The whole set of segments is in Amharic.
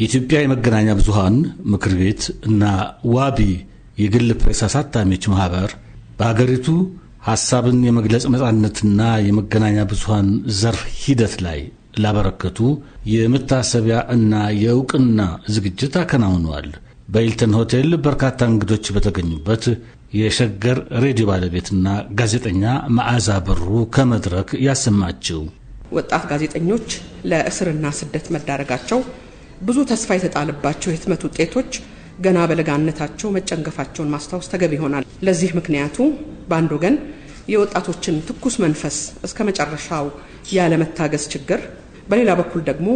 የኢትዮጵያ የመገናኛ ብዙሃን ምክር ቤት እና ዋቢ የግል ፕሬስ አሳታሚዎች ማህበር በሀገሪቱ ሀሳብን የመግለጽ ነጻነትና የመገናኛ ብዙሃን ዘርፍ ሂደት ላይ ላበረከቱ የመታሰቢያ እና የእውቅና ዝግጅት አከናውነዋል። በኢልተን ሆቴል በርካታ እንግዶች በተገኙበት የሸገር ሬዲዮ ባለቤትና ጋዜጠኛ መዓዛ ብሩ ከመድረክ ያሰማችው ወጣት ጋዜጠኞች ለእስርና ስደት መዳረጋቸው ብዙ ተስፋ የተጣለባቸው የህትመት ውጤቶች ገና በለጋነታቸው መጨንገፋቸውን ማስታወስ ተገቢ ይሆናል። ለዚህ ምክንያቱ በአንድ ወገን የወጣቶችን ትኩስ መንፈስ እስከ መጨረሻው ያለመታገስ ችግር፣ በሌላ በኩል ደግሞ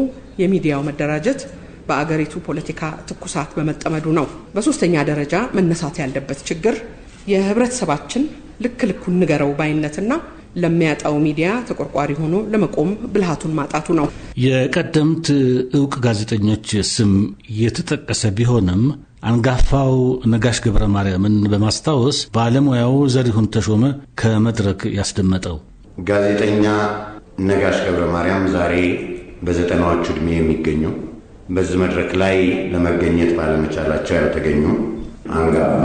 የሚዲያው መደራጀት በአገሪቱ ፖለቲካ ትኩሳት በመጠመዱ ነው። በሶስተኛ ደረጃ መነሳት ያለበት ችግር የህብረተሰባችን ልክ ልኩን ንገረው ባይነትና ለሚያጣው ሚዲያ ተቆርቋሪ ሆኖ ለመቆም ብልሃቱን ማጣቱ ነው። የቀደምት እውቅ ጋዜጠኞች ስም የተጠቀሰ ቢሆንም አንጋፋው ነጋሽ ገብረ ማርያምን በማስታወስ ባለሙያው ዘሪሁን ተሾመ ከመድረክ ያስደመጠው ጋዜጠኛ ነጋሽ ገብረ ማርያም ዛሬ በዘጠናዎቹ ዕድሜ የሚገኙ በዚህ መድረክ ላይ ለመገኘት ባለመቻላቸው ያልተገኙ አንጋፋ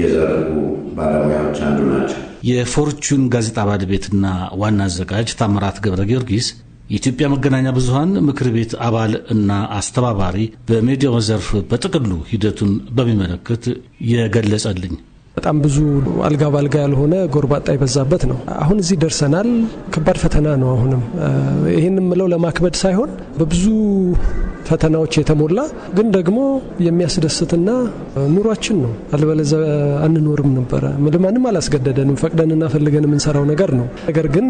የዘርፉ ባለሙያዎች አንዱ ናቸው። የፎርቹን ጋዜጣ ባለቤትና ዋና አዘጋጅ ታምራት ገብረ ጊዮርጊስ የኢትዮጵያ መገናኛ ብዙሀን ምክር ቤት አባል እና አስተባባሪ በሚዲያው ዘርፍ በጥቅሉ ሂደቱን በሚመለከት የገለጸልኝ በጣም ብዙ አልጋ ባልጋ ያልሆነ ጎርባጣ የበዛበት ነው። አሁን እዚህ ደርሰናል። ከባድ ፈተና ነው። አሁንም ይህን የምለው ለማክበድ ሳይሆን በብዙ ፈተናዎች የተሞላ ግን ደግሞ የሚያስደስትና ኑሯችን ነው። አልበለዛ አንኖርም ነበረ። ማንም አላስገደደንም፣ ፈቅደንና ፈልገን የምንሰራው ነገር ነው። ነገር ግን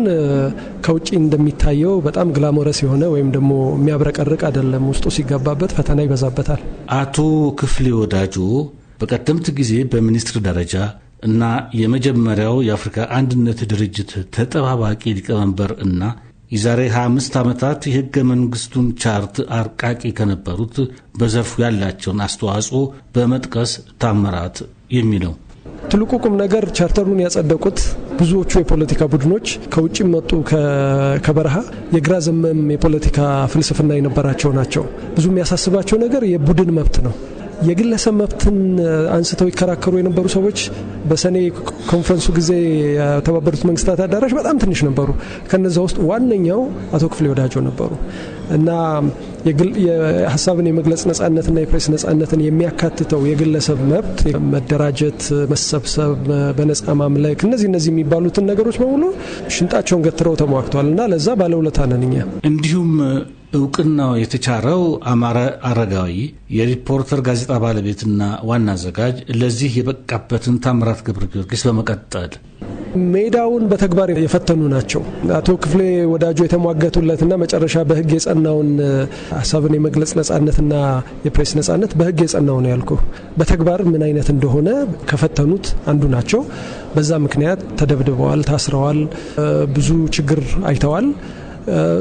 ከውጭ እንደሚታየው በጣም ግላሞረስ የሆነ ወይም ደግሞ የሚያብረቀርቅ አይደለም። ውስጡ ሲገባበት ፈተና ይበዛበታል። አቶ ክፍሌ ወዳጆ በቀደምት ጊዜ በሚኒስትር ደረጃ እና የመጀመሪያው የአፍሪካ አንድነት ድርጅት ተጠባባቂ ሊቀመንበር እና የዛሬ 25 ዓመታት የሕገ መንግሥቱን ቻርት አርቃቂ ከነበሩት በዘርፉ ያላቸውን አስተዋጽኦ በመጥቀስ ታምራት የሚለው። ትልቁ ቁም ነገር ቻርተሩን ያጸደቁት ብዙዎቹ የፖለቲካ ቡድኖች ከውጭ መጡ ከበረሃ የግራ ዘመም የፖለቲካ ፍልስፍና የነበራቸው ናቸው። ብዙ የሚያሳስባቸው ነገር የቡድን መብት ነው። የግለሰብ መብትን አንስተው ይከራከሩ የነበሩ ሰዎች በሰኔ ኮንፈረንሱ ጊዜ የተባበሩት መንግስታት አዳራሽ በጣም ትንሽ ነበሩ። ከነዚ ውስጥ ዋነኛው አቶ ክፍሌ ወዳጆ ነበሩ እና ሀሳብን የመግለጽ ነጻነትና የፕሬስ ነጻነትን የሚያካትተው የግለሰብ መብት መደራጀት፣ መሰብሰብ፣ በነጻ ማምለክ እነዚህ እነዚህ የሚባሉትን ነገሮች በሙሉ ሽንጣቸውን ገትረው ተሟግተዋል እና ለዛ ባለውለታ ነን እኛ እንዲሁም እውቅናው የተቻረው አማረ አረጋዊ የሪፖርተር ጋዜጣ ባለቤትና ዋና አዘጋጅ ለዚህ የበቃበትን ታምራት ገብረ ጊዮርጊስ በመቀጠል ሜዳውን በተግባር የፈተኑ ናቸው። አቶ ክፍሌ ወዳጆ የተሟገቱለትና መጨረሻ በህግ የጸናውን ሀሳብን የመግለጽ ነጻነትና የፕሬስ ነጻነት በህግ የጸናው ነው ያልኩ በተግባር ምን አይነት እንደሆነ ከፈተኑት አንዱ ናቸው። በዛ ምክንያት ተደብድበዋል፣ ታስረዋል፣ ብዙ ችግር አይተዋል።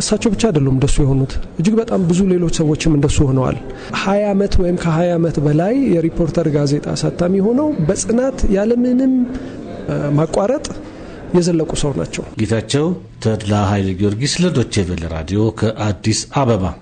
እሳቸው ብቻ አይደሉም እንደሱ የሆኑት። እጅግ በጣም ብዙ ሌሎች ሰዎችም እንደሱ ሆነዋል። ሀያ ዓመት ወይም ከሀያ ዓመት በላይ የሪፖርተር ጋዜጣ አሳታሚ ሆነው በጽናት ያለምንም ማቋረጥ የዘለቁ ሰው ናቸው። ጌታቸው ተድላ ኃይለ ጊዮርጊስ ለዶቼ ቬለ ራዲዮ ከአዲስ አበባ